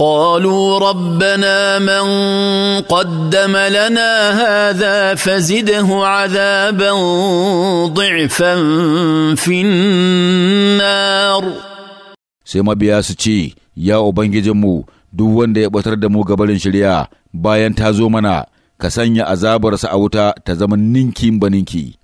قالوا ربنا من قدم لنا هذا فزده عذابا ضعفا في النار sai mabiya su ce ya ubangijinmu duk wanda ya batar da mu gabarin shirya bayan ta zo mana ka sanya azabarsa a wuta ta zama ninkin baninki